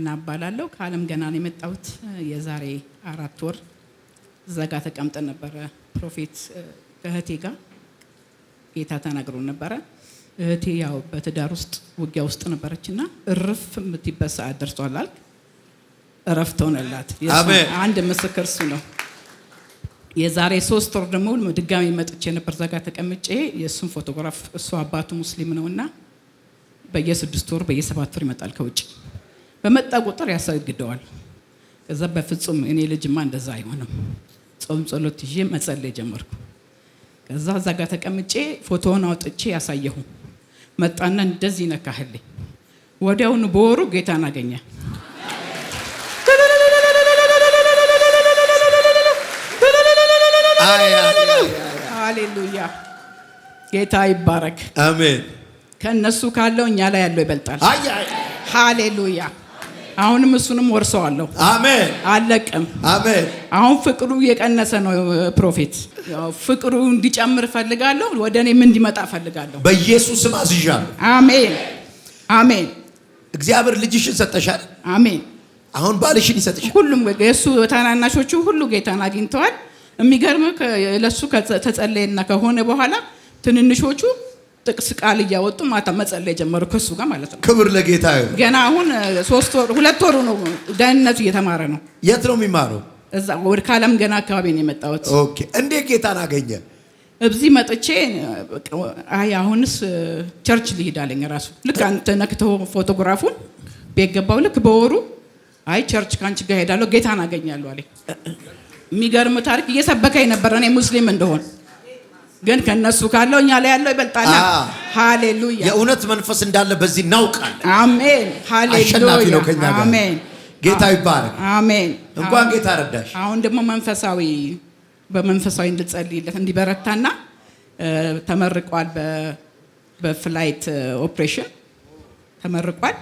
ሀና እባላለሁ። ከአለም ገና ነው የመጣሁት። የዛሬ አራት ወር እዛ ጋር ተቀምጠን ነበረ ፕሮፌት ከእህቴ ጋር ጌታ ተናግሮ ነበረ። እህቴ ያው በትዳር ውስጥ ውጊያ ውስጥ ነበረች እና እርፍ የምትበት ሰዓት ደርሷል አልክ። እረፍት ሆነላት። አንድ ምስክር እሱ ነው። የዛሬ ሶስት ወር ደግሞ ድጋሚ መጥቼ ነበር እዛ ጋር ተቀምጬ የእሱን ፎቶግራፍ እሱ አባቱ ሙስሊም ነው እና በየስድስት ወር በየሰባት ወር ይመጣል ከውጭ በመጣ ቁጥር ያሳግደዋል። ከዛ በፍጹም እኔ ልጅማ እንደዛ አይሆንም። ጾም ጸሎት ይዤ መጸለይ ጀመርኩ። ከዛ እዛ ጋር ተቀምጬ ፎቶውን አውጥቼ ያሳየሁ መጣና እንደዚህ ነካህልኝ። ወዲያውኑ በወሩ ጌታን አገኘ። ሃሌሉያ ጌታ ይባረክ። አሜን። ከእነሱ ካለው እኛ ላይ ያለው ይበልጣል። ሃሌሉያ አሁንም እሱንም ወርሰዋለሁ። አሜን። አለቅም። አሜን። አሁን ፍቅሩ የቀነሰ ነው። ፕሮፌት ፍቅሩ እንዲጨምር ፈልጋለሁ። ወደ እኔም እንዲመጣ ፈልጋለሁ። በኢየሱስም አዝዣለሁ። አሜን። አሜን። እግዚአብሔር ልጅሽን ሰጠሻል። አሜን። አሁን ባልሽን ይሰጥሻል። ሁሉም የእሱ ታናናሾቹ ሁሉ ጌታን አግኝተዋል። የሚገርም ለሱ ተጸለየና ከሆነ በኋላ ትንንሾቹ ጥቅስ ቃል እያወጡ ማታ መጸለይ ጀመሩ ከሱ ጋር ማለት ነው። ክብር ለጌታ ይሁን። ገና አሁን ሶስት ወር ሁለት ወሩ ነው ደህንነቱ እየተማረ ነው። የት ነው የሚማረው? እዛ ወደ ካለም ገና አካባቢ ነው የመጣሁት። ኦኬ። እንዴት ጌታን አገኘ? እዚህ መጥቼ አይ አሁንስ ቸርች ሊሄድ አለኝ ራሱ። ልክ አንተ ነክተው ፎቶግራፉን ቤት ልክ በወሩ አይ ቸርች ከአንቺ ጋር ሄዳለሁ ጌታን አገኛለሁ አለኝ። የሚገርም ታሪክ እየሰበከኝ ነበር እኔ ሙስሊም እንደሆን ግን ከነሱ ካለው እኛ ላይ ያለው ይበልጣል። ሃሌሉያ! የእውነት መንፈስ እንዳለ በዚህ እናውቃለን። አሜን! ሃሌሉያ! አሸናፊ ነው ከኛ ጋር። አሜን! ጌታ ይባረክ። አሜን! እንኳን ጌታ ረዳሽ። አሁን ደግሞ መንፈሳዊ በመንፈሳዊ እንድጸልይለት እንዲበረታና ተመርቋል። በፍላይት ኦፕሬሽን ተመርቋል።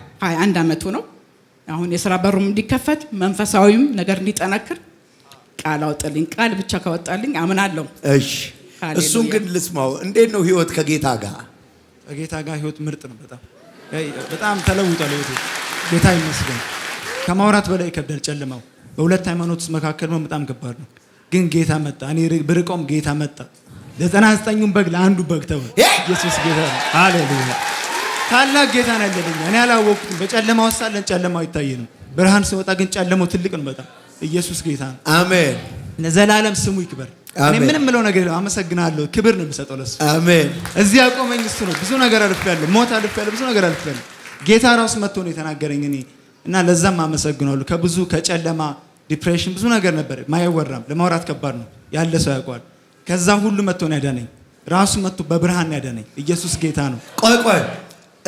አንድ አመቱ ነው። አሁን የስራ በሩም እንዲከፈት መንፈሳዊም ነገር እንዲጠነክር ቃል አውጥልኝ። ቃል ብቻ ካወጣልኝ አምናለሁ። እሺ እሱን ግን ልስማው። እንዴት ነው ህይወት ከጌታ ጋር? ከጌታ ጋር ህይወት ምርጥ ነው። በጣም በጣም ተለውጧል ህይወቴ። ጌታ ይመስገን። ከማውራት በላይ ይከብዳል ጨለማው። በሁለት ሃይማኖት መካከል ነው፣ በጣም ከባድ ነው። ግን ጌታ መጣ። እኔ ብርቆም ጌታ መጣ። ዘጠና ዘጠኙም በግ ለአንዱ በግ ተው። ኢየሱስ ጌታ ነው። ሃሌሉያ ታላቅ ጌታ ነው ያለኝ። እኔ አላወቅኩትም። በጨለማ ውስጥ ሳለን ጨለማው አይታየንም። ብርሃን ሲወጣ ግን ጨለማው ትልቅ ነው በጣም ኢየሱስ ጌታ ነው። አሜን። ለዘላለም ስሙ ይክበር። እኔ ምንም ምለው ነገር አመሰግናለሁ። ክብር ነው የምሰጠው ለሱ። አሜን። እዚህ ያቆመኝ እሱ ነው። ብዙ ነገር አልፌያለሁ፣ ሞት አልፌያለሁ፣ ብዙ ነገር አልፌያለሁ። ጌታ ራሱ መጥቶ ነው የተናገረኝ እኔ እና ለዛም አመሰግናለሁ። ከብዙ ከጨለማ ዲፕሬሽን፣ ብዙ ነገር ነበር ማይወራም፣ ለማውራት ከባድ ነው፣ ያለ ሰው ያውቀዋል። ከዛ ሁሉ መጥቶ ነው ያዳነኝ። ራሱ መጥቶ በብርሃን ያዳነኝ። ኢየሱስ ጌታ ነው። ቆይ ቆይ፣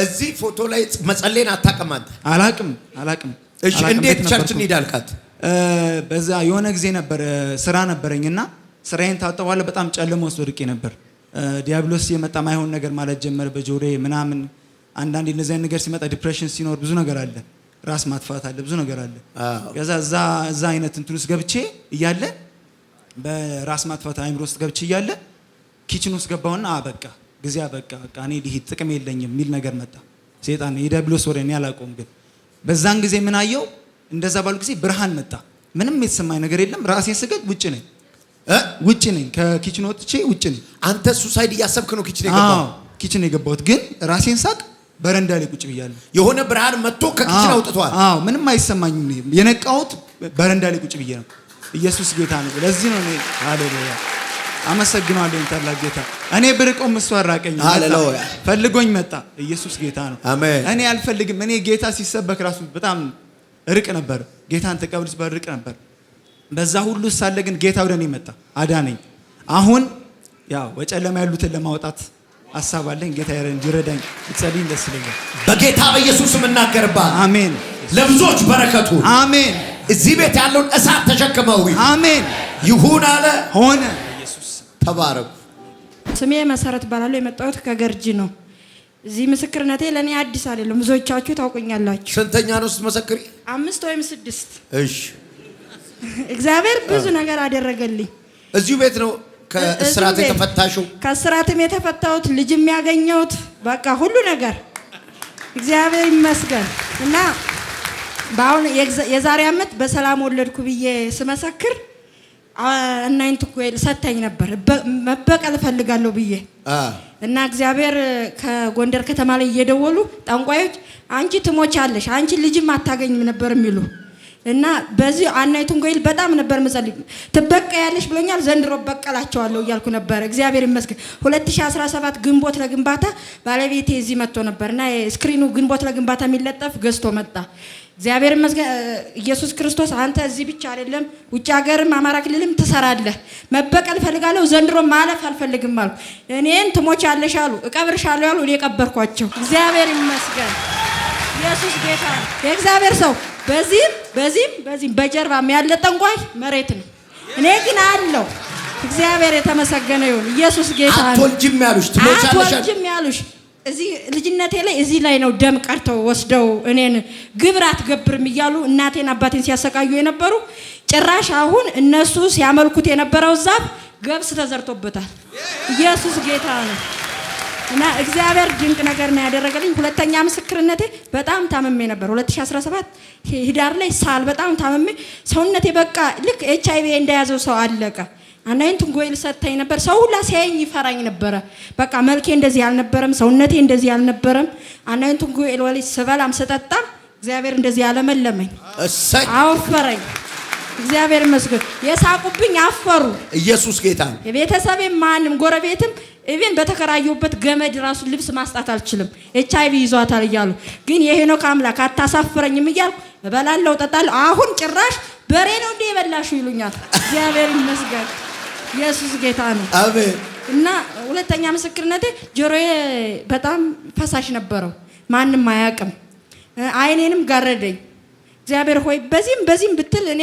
እዚህ ፎቶ ላይ መጸለይን አታውቅም አንተ? አላውቅም፣ አላውቅም። እሺ፣ እንዴት ቸርች እንሄዳልካት? በዛ የሆነ ጊዜ ነበር ስራ ነበረኝና ስራዬን ታጠዋለ። በጣም ጨለሞ ውስጥ ወድቄ ነበር። ዲያብሎስ የመጣ ማይሆን ነገር ማለት ጀመረ፣ በጆሬ ምናምን። አንዳንድ እንደዚህ ነገር ሲመጣ ዲፕሬሽን ሲኖር ብዙ ነገር አለ፣ ራስ ማጥፋት አለ፣ ብዙ ነገር አለ። ከዛ እዛ እዛ አይነት እንትን ውስጥ ገብቼ እያለ በራስ ማጥፋት አይምሮ ውስጥ ገብቼ እያለ ኪችን ውስጥ ገባውና በቃ ጊዜ በቃ በቃ እኔ ሊሄድ ጥቅም የለኝም የሚል ነገር መጣ። ሴጣን የዲያብሎስ ወሬ እኔ አላውቀውም፣ ግን በዛን ጊዜ ምን አየው? እንደዛ ባሉ ጊዜ ብርሃን መጣ። ምንም የተሰማኝ ነገር የለም። ራሴ ስገድ ውጭ ነኝ ውጭ ነኝ። ከኪችን ወጥቼ ውጭ ነኝ። አንተ ሱሳይድ እያሰብክ ነው ኪችን የገባው? ኪችን የገባሁት ግን ራሴን ሳቅ በረንዳ ላይ ቁጭ ብያለሁ። የሆነ ብርሃን መጥቶ ከኪችን አውጥቷል። አዎ፣ ምንም አይሰማኝም። የነቃሁት በረንዳ ላይ ቁጭ ብዬ ነው። ኢየሱስ ጌታ ነው። ለዚህ ነው እኔ ሃሌሉያ አመሰግናለሁ። ታላቅ ጌታ እኔ ብርቆም እሱ አራቀኝ። ፈልጎኝ መጣ። ኢየሱስ ጌታ ነው። እኔ አልፈልግም። እኔ ጌታ ሲሰበክ ራሱ በጣም ርቅ ነበር። ጌታን ተቀብልስ በርቅ ነበር በዛ ሁሉ ሳለ ግን ጌታ ወደ እኔ መጣ፣ አዳነኝ። አሁን ያው በጨለማ ያሉትን ለማውጣት ሀሳብ አለኝ። ጌታ ይረዳኝ። ብትጸልይኝ ደስ ይለኛል። በጌታ በኢየሱስ የምናገርባት አሜን። ለብዙዎች በረከቱ አሜን። እዚህ ቤት ያለውን እሳት ተሸክመው አሜን። ይሁን አለ ሆነ። ተባረኩ። ስሜ መሰረት እባላለሁ። የመጣሁት ከገርጂ ነው። እዚህ ምስክርነቴ ለእኔ አዲስ አይደለም። ብዙዎቻችሁ ታውቁኛላችሁ። ስንተኛ ነው ስትመሰክሪ? አምስት ወይም ስድስት። እሺ እግዚአብሔር ብዙ ነገር አደረገልኝ። እዚሁ ቤት ነው ከእስራት የተፈታሽው? ከእስራትም የተፈታሁት ልጅም ያገኘሁት በቃ ሁሉ ነገር እግዚአብሔር ይመስገን እና በአሁን የዛሬ ዓመት በሰላም ወለድኩ ብዬ ስመሰክር እናይንት ሰተኝ ነበር መበቀል እፈልጋለሁ ብዬ እና እግዚአብሔር ከጎንደር ከተማ ላይ እየደወሉ ጠንቋዮች አንቺ ትሞቻለሽ፣ አንቺ ልጅም አታገኝም ነበር የሚሉ እና በዚህ አናይቱን ጎይል በጣም ነበር መጸልይ ትበቀ ያለሽ ብሎኛል። ዘንድሮ በቀላቸዋለሁ እያልኩ ነበር። እግዚአብሔር ይመስገን 2017 ግንቦት ለግንባታ ባለቤቴ እዚህ መጥቶ ነበር እና ስክሪኑ ግንቦት ለግንባታ የሚለጠፍ ገዝቶ መጣ። እግዚአብሔር ይመስገን። ኢየሱስ ክርስቶስ አንተ እዚህ ብቻ አይደለም ውጭ ሀገርም አማራ ክልልም ትሰራለህ። መበቀል ፈልጋለሁ ዘንድሮ ማለፍ አልፈልግም አልኩ። እኔን ትሞቻለሽ አሉ፣ እቀብርሻለሁ ያሉ እኔ ቀበርኳቸው። እግዚአብሔር ይመስገን። ኢየሱስ ጌታ የእግዚአብሔር ሰው በዚህም በዚህም በዚህም በጀርባም ያለ ጠንቋይ መሬት ነው። እኔ ግን አለው። እግዚአብሔር የተመሰገነ ይሁን። ኢየሱስ ጌታ ነው። አትወልጂም ያሉሽ አትወልጂም ያሉሽ እዚህ ልጅነቴ ላይ እዚህ ላይ ነው ደም ቀርተው ወስደው እኔን ግብር አትገብርም እያሉ እናቴን አባቴን ሲያሰቃዩ የነበሩ ጭራሽ አሁን እነሱ ሲያመልኩት የነበረው ዛፍ ገብስ ተዘርቶበታል። ኢየሱስ ጌታ ነው። እና እግዚአብሔር ድንቅ ነገር ነው ያደረገልኝ። ሁለተኛ ምስክርነቴ በጣም ታመሜ ነበር። 2017 ህዳር ላይ ሳል በጣም ታመሜ ሰውነቴ በቃ ልክ ኤች አይቪ እንደያዘው ሰው አለቀ። አናይን ትንጎይል ሰጥተኝ ነበር። ሰው ሁላ ሲያየኝ ይፈራኝ ነበረ። በቃ መልኬ እንደዚህ አልነበረም፣ ሰውነቴ እንደዚህ አልነበረም። አናይን ትንጎይል ወሊ ስበላም ስጠጣም እግዚአብሔር እንደዚህ ያለመለመኝ አወፈረኝ። እግዚአብሔር ይመስገን። የሳቁብኝ አፈሩ። ኢየሱስ ጌታ ነው። የቤተሰቤም ማንም ጎረቤትም ኢቭን በተከራየሁበት ገመድ ራሱ ልብስ ማስጣት አልችልም። ኤች አይቪ ይዟታል እያሉ ግን የሄኖክ አምላክ አታሳፍረኝም እያልኩ እበላለሁ፣ እጠጣለሁ። አሁን ጭራሽ በሬ ነው እንደ የበላሽው ይሉኛል። እግዚአብሔር ይመስገን፣ ኢየሱስ ጌታ ነው። አሜን። እና ሁለተኛ ምስክርነቴ ጆሮዬ በጣም ፈሳሽ ነበረው፣ ማንም አያውቅም። አይኔንም ጋረደኝ። እግዚአብሔር ሆይ በዚህም በዚህም ብትል እኔ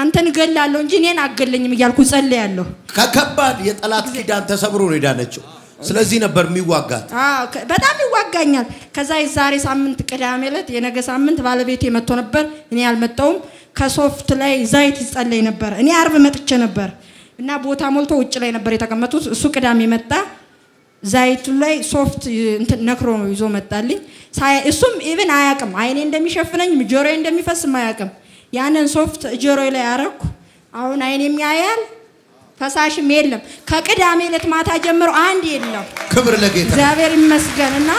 አንተን እገላለሁ እንጂ እኔን አገለኝም እያልኩ ጸልያለሁ። ከከባድ የጠላት ኪዳን ተሰብሮ ነው የዳነችው። ስለዚህ ነበር የሚዋጋት። በጣም ይዋጋኛል። ከዛ የዛሬ ሳምንት ቅዳሜ ዕለት የነገ ሳምንት ባለቤቴ መጥቶ ነበር፣ እኔ አልመጣሁም። ከሶፍት ላይ ዛይት ይጸለይ ነበር። እኔ አርብ መጥቼ ነበር እና ቦታ ሞልቶ ውጭ ላይ ነበር የተቀመጡት። እሱ ቅዳሜ መጣ። ዛይቱ ላይ ሶፍት ነክሮ ነው ይዞ መጣልኝ። እሱም ኢቭን አያቅም አይኔ እንደሚሸፍነኝ ጆሮዬ እንደሚፈስም አያቅም። ያንን ሶፍት ጆሮ ላይ አረኩ። አሁን አይኔም የሚያያል ፈሳሽም የለም። ከቅዳሜ ዕለት ማታ ጀምሮ አንድ የለም። ክብር ለጌታ እግዚአብሔር ይመስገን። እና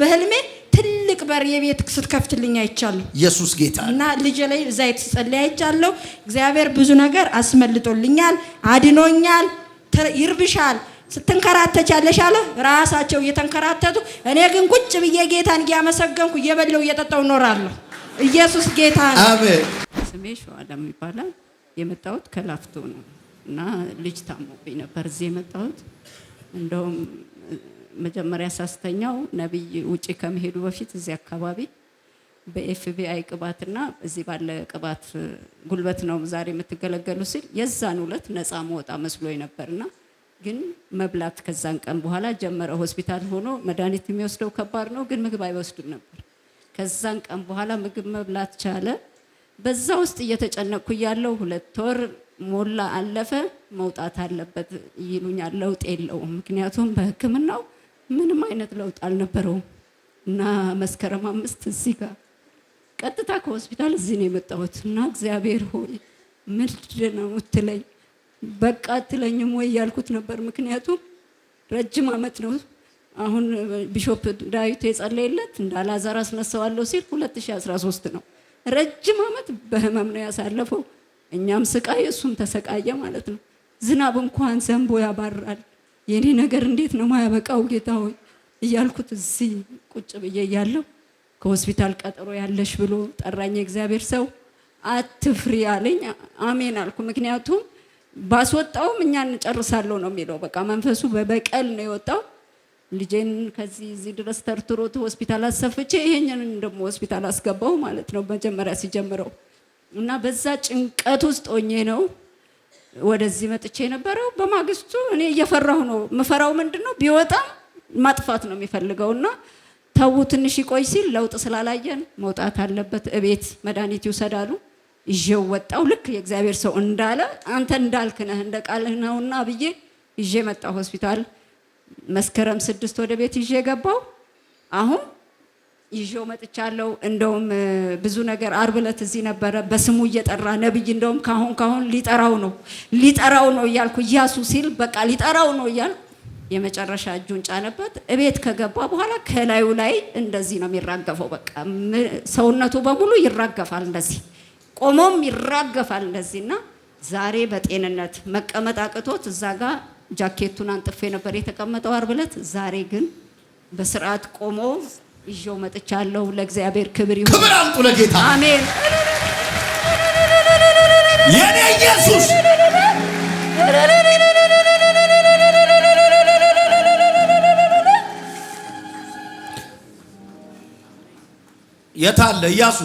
በህልሜ ትልቅ በር የቤት ስትከፍትልኝ አይቻለሁ። ኢየሱስ ጌታ እና ልጄ ላይ እዛ ስጸልይ አይቻለሁ። እግዚአብሔር ብዙ ነገር አስመልጦልኛል፣ አድኖኛል። ይርብሻል ስትንከራተቻለሽ አለ። ራሳቸው እየተንከራተቱ እኔ ግን ቁጭ ብዬ ጌታን እያመሰገንኩ እየበለው እየጠጣው እኖራለሁ። ኢየሱስ ጌታ ነው። አሜን። ስሜ ሸዋለም ይባላል። የመጣሁት ከላፍቶ ነው እና ልጅ ታሞብኝ ነበር እዚህ የመጣሁት። እንደውም መጀመሪያ ሳስተኛው ነቢይ ውጪ ከመሄዱ በፊት እዚህ አካባቢ በኤፍቢአይ ቅባትና እዚህ ባለ ቅባት ጉልበት ነው ዛሬ የምትገለገሉ ሲል የዛን ሁለት ነፃ መወጣ መስሎኝ ነበርና ግን መብላት ከዛን ቀን በኋላ ጀመረ። ሆስፒታል ሆኖ መድኃኒት የሚወስደው ከባድ ነው፣ ግን ምግብ አይወስድም ነበር ከዛን ቀን በኋላ ምግብ መብላት ቻለ። በዛ ውስጥ እየተጨነቅኩ እያለሁ ሁለት ወር ሞላ፣ አለፈ። መውጣት አለበት ይሉኛል። ለውጥ የለውም፣ ምክንያቱም በሕክምናው ምንም አይነት ለውጥ አልነበረውም። እና መስከረም አምስት እዚህ ጋር ቀጥታ ከሆስፒታል እዚህ ነው የመጣሁት። እና እግዚአብሔር ሆይ ምንድን ነው ትለኝ፣ በቃ ትለኝም ወይ ያልኩት ነበር። ምክንያቱም ረጅም ዓመት ነው አሁን ቢሾፕ ዳዊት የጸለየለት እንደ አላዛር አስነሳዋለሁ ሲል 2013 ነው። ረጅም ዓመት በህመም ነው ያሳለፈው። እኛም ስቃይ እሱም ተሰቃየ ማለት ነው። ዝናብ እንኳን ዘንቦ ያባራል። የኔ ነገር እንዴት ነው ማያበቃው ጌታ ሆይ እያልኩት እዚህ ቁጭ ብዬ እያለሁ ከሆስፒታል ቀጠሮ ያለሽ ብሎ ጠራኝ። እግዚአብሔር ሰው አትፍሪ አለኝ። አሜን አልኩ። ምክንያቱም ባስወጣውም እኛ እንጨርሳለሁ ነው የሚለው። በቃ መንፈሱ በበቀል ነው የወጣው ልጄን ከዚህ እዚህ ድረስ ተርትሮት ሆስፒታል አሰፍቼ ይሄንን ደግሞ ሆስፒታል አስገባው ማለት ነው መጀመሪያ ሲጀምረው እና በዛ ጭንቀት ውስጥ ሆኜ ነው ወደዚህ መጥቼ የነበረው። በማግስቱ እኔ እየፈራሁ ነው። ምፈራው ምንድን ነው ቢወጣም ማጥፋት ነው የሚፈልገው እና ተዉ ትንሽ ይቆይ ሲል ለውጥ ስላላየን መውጣት አለበት፣ እቤት መድኃኒት ይውሰዳሉ። ይዤው ወጣው ልክ የእግዚአብሔር ሰው እንዳለ አንተ እንዳልክ ነህ እንደ ቃልህ ነውና ብዬ ይዤ መጣ ሆስፒታል መስከረም ስድስት ወደ ቤት ይዤ የገባው አሁን ይዤው መጥቻለሁ። እንደውም ብዙ ነገር አርብለት ዕለት እዚህ ነበረ በስሙ እየጠራ ነብይ፣ እንደውም ካሁን ካሁን ሊጠራው ነው ሊጠራው ነው እያልኩ እያሱ ሲል በቃ ሊጠራው ነው እያልኩ የመጨረሻ እጁን ጫነበት። እቤት ከገባ በኋላ ከላዩ ላይ እንደዚህ ነው የሚራገፈው። በቃ ሰውነቱ በሙሉ ይራገፋል፣ እንደዚህ ቆሞም ይራገፋል እንደዚህና ዛሬ በጤንነት መቀመጥ አቅቶት እዛ ጋር ጃኬቱን አንጥፌ ነበር የተቀመጠው አርብ ዕለት። ዛሬ ግን በስርዓት ቆሞ ይዤው መጥቻለሁ። ለእግዚአብሔር ክብር ይሁን። ክብር አምጡ ለጌታ። አሜን። የኔ ኢየሱስ የታለ እያሱ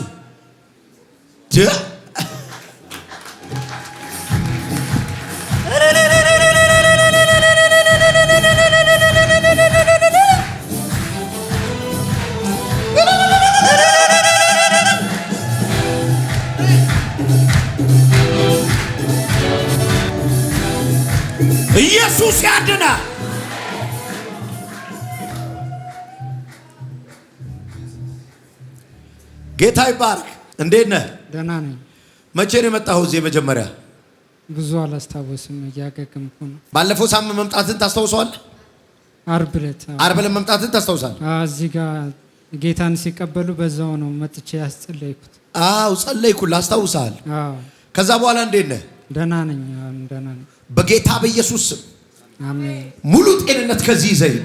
ኢየሱስ ያድናል። ጌታ ይባርክ። እንዴት ነህ? ደህና ነኝ። መቼ ነው የመጣኸው እዚህ? መጀመሪያ ብዙ አላስታወስም፣ እያገገምኩ ነው። ባለፈው ሳምንት መምጣትን ታስታውሰዋለህ? ዓርብ ዕለት ዓርብ ዕለት መምጣትን ታስታውሳለህ? እዚህ ጋር ጌታን ሲቀበሉ በዛው ነው መጥቼ ያስጸለይኩት። አዎ ጸለይኩ፣ ላስታውሳል። ከዛ በኋላ እንዴት ነህ? ደህና ነኝ። ደህና ነኝ። በጌታ በኢየሱስ ስም ሙሉ ጤንነት ከዚህ ዘይድ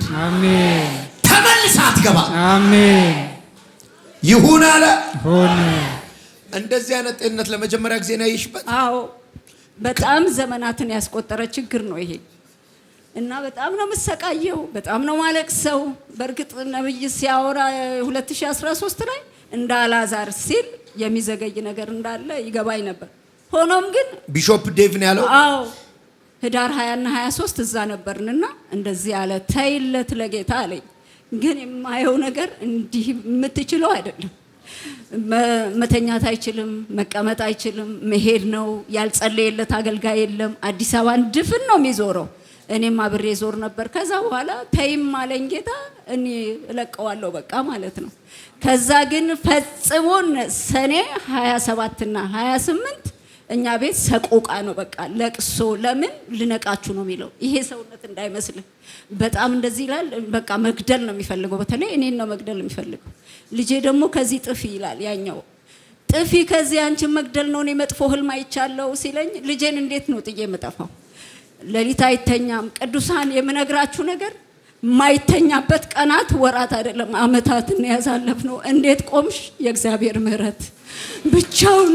ተመልሳ አትገባ። ይሁን አለ። እንደዚህ አይነት ጤንነት ለመጀመሪያ ጊዜ ነው ያየሽበት? አዎ፣ በጣም ዘመናትን ያስቆጠረ ችግር ነው ይሄ እና በጣም ነው የምሰቃየው፣ በጣም ነው ማለቅሰው። በእርግጥ ነብይ ሲያወራ 2013 ላይ እንደ አላዛር ሲል የሚዘገይ ነገር እንዳለ ይገባኝ ነበር። ሆኖም ግን ቢሾፕ ዴቭ ነው ያለው። አዎ ህዳር 20 እና 23 እዛ ነበርንና እንደዚህ አለ ተይለት ለጌታ አለኝ። ግን የማየው ነገር እንዲህ የምትችለው አይደለም። መተኛት አይችልም፣ መቀመጥ አይችልም፣ መሄድ ነው። ያልጸለየለት አገልጋይ የለም። አዲስ አበባን ድፍን ነው የሚዞረው። እኔም አብሬ ዞር ነበር። ከዛ በኋላ ተይም አለኝ ጌታ። እኔ እለቀዋለሁ በቃ ማለት ነው። ከዛ ግን ፈጽሞ ሰኔ 27ና 28 እኛ ቤት ሰቆቃ ነው፣ በቃ ለቅሶ። ለምን ልነቃችሁ ነው የሚለው። ይሄ ሰውነት እንዳይመስልህ በጣም እንደዚህ ይላል። በቃ መግደል ነው የሚፈልገው። በተለይ እኔን ነው መግደል የሚፈልገው። ልጄ ደግሞ ከዚህ ጥፊ ይላል ያኛው ጥፊ ከዚህ አንቺን መግደል ነው። እኔ መጥፎ ህልም አይቻለሁ ሲለኝ ልጄን እንዴት ነው ጥዬ የምጠፋው? ሌሊት አይተኛም። ቅዱሳን የምነግራችሁ ነገር ማይተኛበት ቀናት ወራት አይደለም አመታት እንያዛለፍ ነው። እንዴት ቆምሽ? የእግዚአብሔር ምሕረት ብቻውን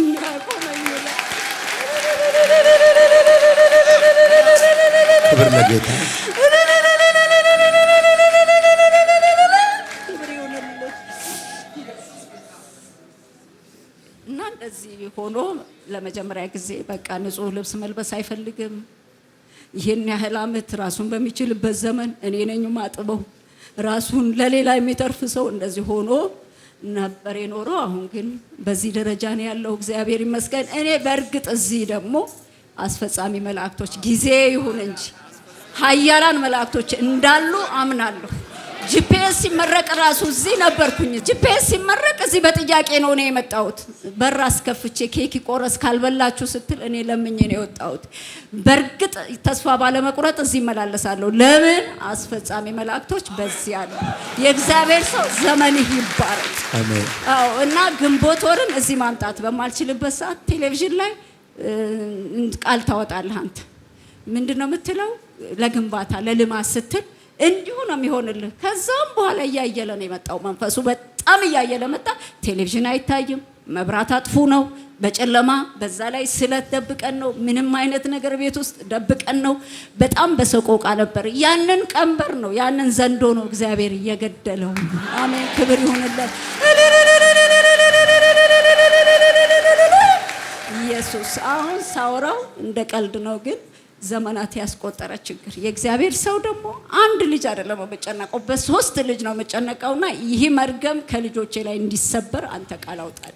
ክብር ለጌታ እና እንደዚህ ሆኖ ለመጀመሪያ ጊዜ በቃ ንጹህ ልብስ መልበስ አይፈልግም። ይህን ያህል አመት ራሱን በሚችልበት ዘመን እኔ ነኝ ማጥበው ራሱን ለሌላ የሚተርፍ ሰው እንደዚህ ሆኖ ነበር የኖረው። አሁን ግን በዚህ ደረጃ ነው ያለው። እግዚአብሔር ይመስገን። እኔ በእርግጥ እዚህ ደግሞ አስፈጻሚ መላእክቶች ጊዜ ይሁን እንጂ ሀያላን መላእክቶች እንዳሉ አምናለሁ። ጂፒኤስ ሲመረቅ ራሱ እዚህ ነበርኩኝ። ጂፒኤስ ሲመረቅ እዚህ በጥያቄ ነው እኔ የመጣሁት። በር አስከፍቼ ኬክ ቆረስ ካልበላችሁ ስትል እኔ ለምኝ ነው የወጣሁት። በእርግጥ ተስፋ ባለመቁረጥ እዚህ እመላለሳለሁ። ለምን አስፈጻሚ መላእክቶች በዚህ አሉ። የእግዚአብሔር ሰው ዘመንህ ይባረክ። አዎ። እና ግንቦት ወርን እዚህ ማምጣት በማልችልበት ሰዓት ቴሌቪዥን ላይ ቃል ታወጣለህ አንተ ምንድን ነው የምትለው? ለግንባታ ለልማት ስትል እንዲሁ ነው የሚሆንልህ። ከዛም በኋላ እያየለ ነው የመጣው መንፈሱ በጣም እያየለ መጣ። ቴሌቪዥን አይታይም፣ መብራት አጥፉ ነው፣ በጨለማ በዛ ላይ ስለት ደብቀን ነው፣ ምንም አይነት ነገር ቤት ውስጥ ደብቀን ነው። በጣም በሰቆቃ ነበር። ያንን ቀንበር ነው ያንን ዘንዶ ነው እግዚአብሔር እየገደለው። አሜን፣ ክብር ይሁንለት ኢየሱስ። አሁን ሳውራው እንደ ቀልድ ነው ግን ዘመናት ያስቆጠረ ችግር። የእግዚአብሔር ሰው ደግሞ አንድ ልጅ አይደለም የምጨነቀው፣ በሶስት ልጅ ነው የምጨነቀውና ይህ መርገም ከልጆቼ ላይ እንዲሰበር አንተ ቃል አውጣል።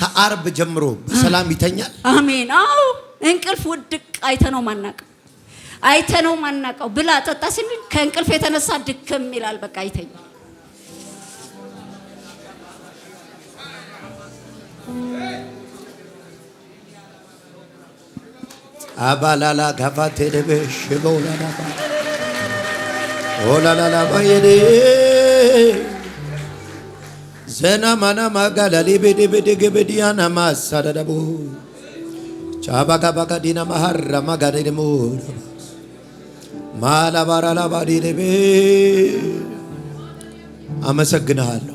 ከአርብ ጀምሮ በሰላም ይተኛል። አሜን። አዎ እንቅልፍ ውድቅ አይተነው ማናቀው አይተነው ማናቀው ብላ ጠጣ ሲል ከእንቅልፍ የተነሳ ድክም ይላል። በቃ አይተኛ Hey! አባላላ ጋፋቴ ኦላላላባ ዘና ማና ዲና ማሃራ ደሞ ማላባራላባ አመሰግንሃለሁ።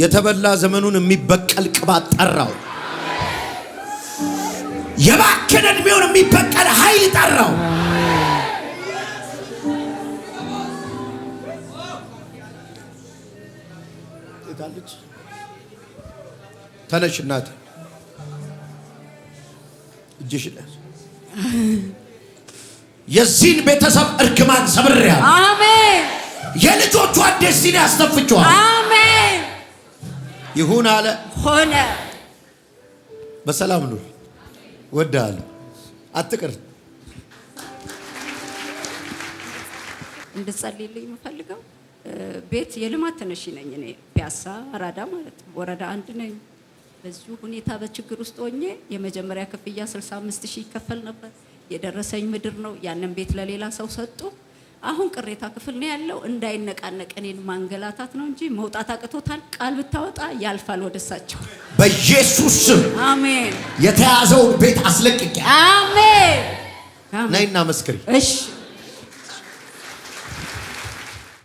የተበላ ዘመኑን የሚበቀል ቅባት ጠራው። የባከነ እድሜውን የሚበቀል ኃይል ጠራው። ተነሽ እናት እጅሽ የዚህን ቤተሰብ እርግማን ሰብሬያል። አሜን። የልጆቿን ዴስቲኒ ያስተፍቸዋል። አሜን። ይሁን አለ ሆነ። በሰላም ኑር። ወዳሉ አትቅር እንድጸልይልኝ የምፈልገው ቤት የልማት ተነሺ ነኝ እኔ ፒያሳ አራዳ ማለት ነው። ወረዳ አንድ ነኝ። በዚሁ ሁኔታ በችግር ውስጥ ሆኜ የመጀመሪያ ክፍያ 65 ሺህ ይከፈል ነበር። የደረሰኝ ምድር ነው። ያንን ቤት ለሌላ ሰው ሰጡ። አሁን ቅሬታ ክፍል ነው ያለው። እንዳይነቃነቅ እኔን ማንገላታት ነው እንጂ መውጣት አቅቶታል። ቃል ብታወጣ ያልፋል ወደ እሳቸው በኢየሱስ ስም አሜን። የተያዘውን ቤት አስለቅቄ አሜን። ነይና መስክሪ እሺ